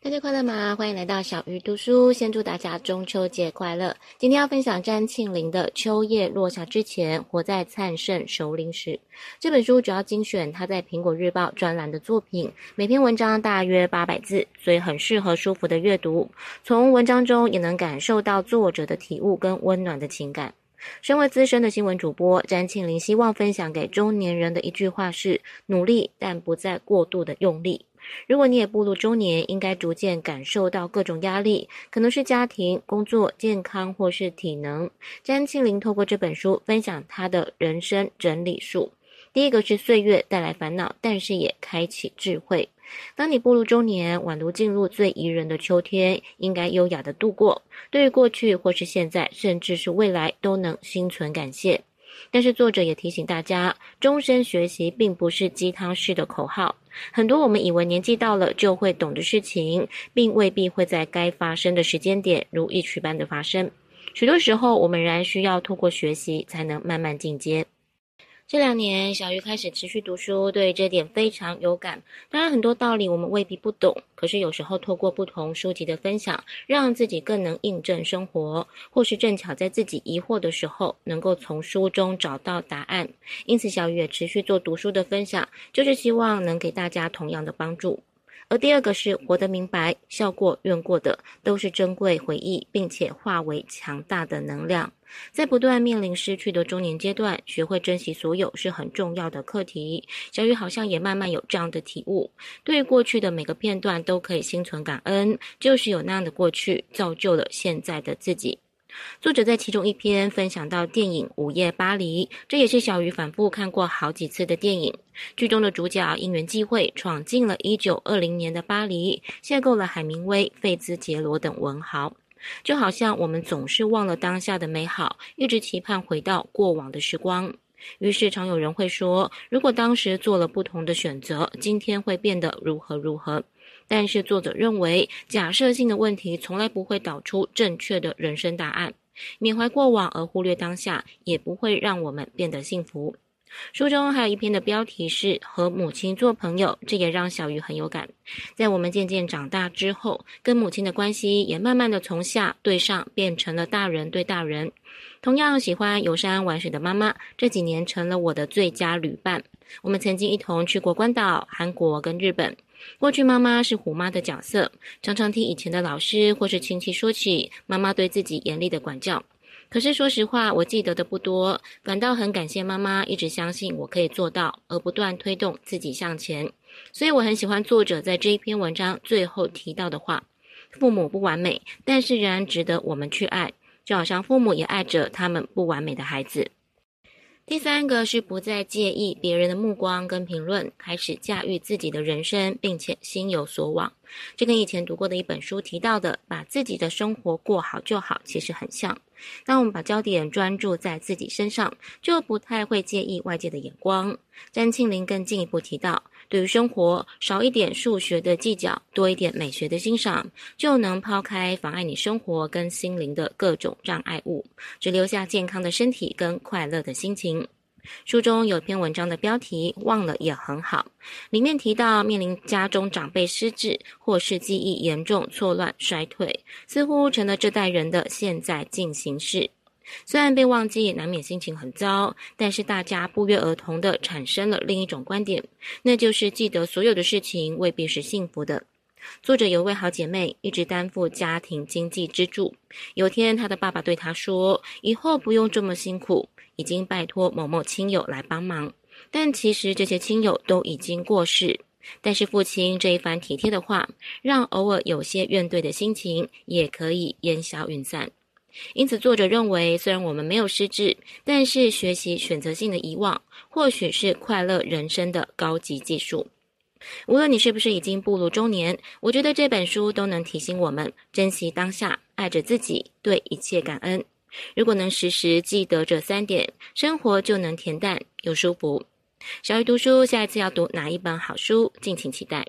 大家快樂嗎？歡迎來到小魚讀書。先祝大家中秋節快樂！今天要分享詹慶齡的《秋葉落下之前，活在燦盛熟齡時》這本書，主要精選他在《蘋果日報》專欄的作品。每篇文章大約八百字，所以很適合舒服的閱讀。從文章中也能感受到作者的體悟跟溫暖的情感。身為資深的新聞主播，詹慶齡希望分享給中年人的一句話是：努力，但不再過度的用力。如果你也步入中年，應該逐漸感受到各種壓力，可能是家庭、工作、健康或是體能。詹慶齡透過這本書分享他的人生整理術。第一個是歲月帶來煩惱，但是也開啟智慧。當你步入中年，宛如進入最宜人的秋天，應該優雅的度過。對於過去，或是現在，甚至是未來，都能心存感謝。但是作者也提醒大家，終身學習並不是雞湯式的口號。很多我們以為年紀到了就會懂的事情，並未必會在該發生的時間點如預期般的發生。許多時候，我們仍然需要透過學習，才能慢慢進階。這兩年，小魚開始持續讀書，對這點非常有感。當然，很多道理我們未必不懂，可是有時候透過不同書籍的分享，讓自己更能印證生活，或是正巧在自己疑惑的時候，能夠從書中找到答案。因此，小魚也持續做讀書的分享，就是希望能給大家同樣的幫助。而第二個是活得明白，笑過、怨過的都是珍貴回憶，並且化為強大的能量。在不斷面臨失去的中年階段，學會珍惜所有是很重要的課題。小魚好像也慢慢有這樣的體悟，對過去的每個片段都可以心存感恩，就是有那樣的過去造就了現在的自己。作者在其中一篇分享到電影《午夜巴黎》，這也是小魚反復看過好幾次的電影。劇中的主角因緣際會闖進了一九二零年的巴黎，邂逅了海明威、費茲傑羅等文豪。就好像我們總是忘了當下的美好，一直期盼回到過往的時光。於是，常有人會說，如果當時做了不同的選擇，今天會變得如何如何。但是，作者認為，假設性的問題從來不會導出正確的人生答案。緬懷過往而忽略當下，也不會讓我們變得幸福。書中還有一篇的標題是“和母親做朋友”，這也讓小魚很有感。在我們漸漸長大之後，跟母親的關係也慢慢的從下對上變成了大人對大人。同樣喜歡游山玩水的媽媽，這幾年成了我的最佳旅伴。我們曾經一同去過關島、韓國跟日本。過去媽媽是虎媽的角色，常常聽以前的老師或是親戚說起媽媽對自己嚴厲的管教。可是說實話，我記得的不多，反倒很感謝媽媽一直相信我可以做到，而不斷推動自己向前。所以我很喜歡作者在這一篇文章最後提到的話：父母不完美，但是仍然值得我們去愛，就好像父母也愛着他們不完美的孩子。第三個是不再介意別人的目光跟評論，開始駕馭自己的人生，並且心有所往。這跟以前讀過的一本書提到的“把自己的生活過好就好”其實很像。當我們把焦點專注在自己身上，就不太會介意外界的眼光。詹慶齡更進一步提到，對於生活少一點數學的計較，多一點美學的欣賞，就能拋開妨礙你生活跟心靈的各種障礙物，只留下健康的身體跟快樂的心情。書中有篇文章的標題忘了也很好，裡面提到面臨家中長輩失智或是記憶嚴重錯亂衰退，似乎成了這代人的現在進行式。雖然被忘記難免心情很糟，但是大家不約而同的產生了另一種觀點，那就是記得所有的事情未必是幸福的。作者有位好姐妹，一直擔負家庭經濟支柱。有天，她的爸爸對她說：“以後不用這麼辛苦，已經拜托某某親友來幫忙。”但其實這些親友都已經過世。但是父親這一番體貼的話，讓偶爾有些怨懟的心情也可以煙消雲散。因此，作者認為，雖然我們沒有失智，但是學習選擇性的遺忘，或許是快樂人生的高級技術。無論你是不是已經步入中年，我覺得這本書都能提醒我們珍惜當下，愛着自己，對一切感恩。如果能時時記得這三點，生活就能恬淡又舒服。小魚讀書，下一次要讀哪一本好書？敬請期待。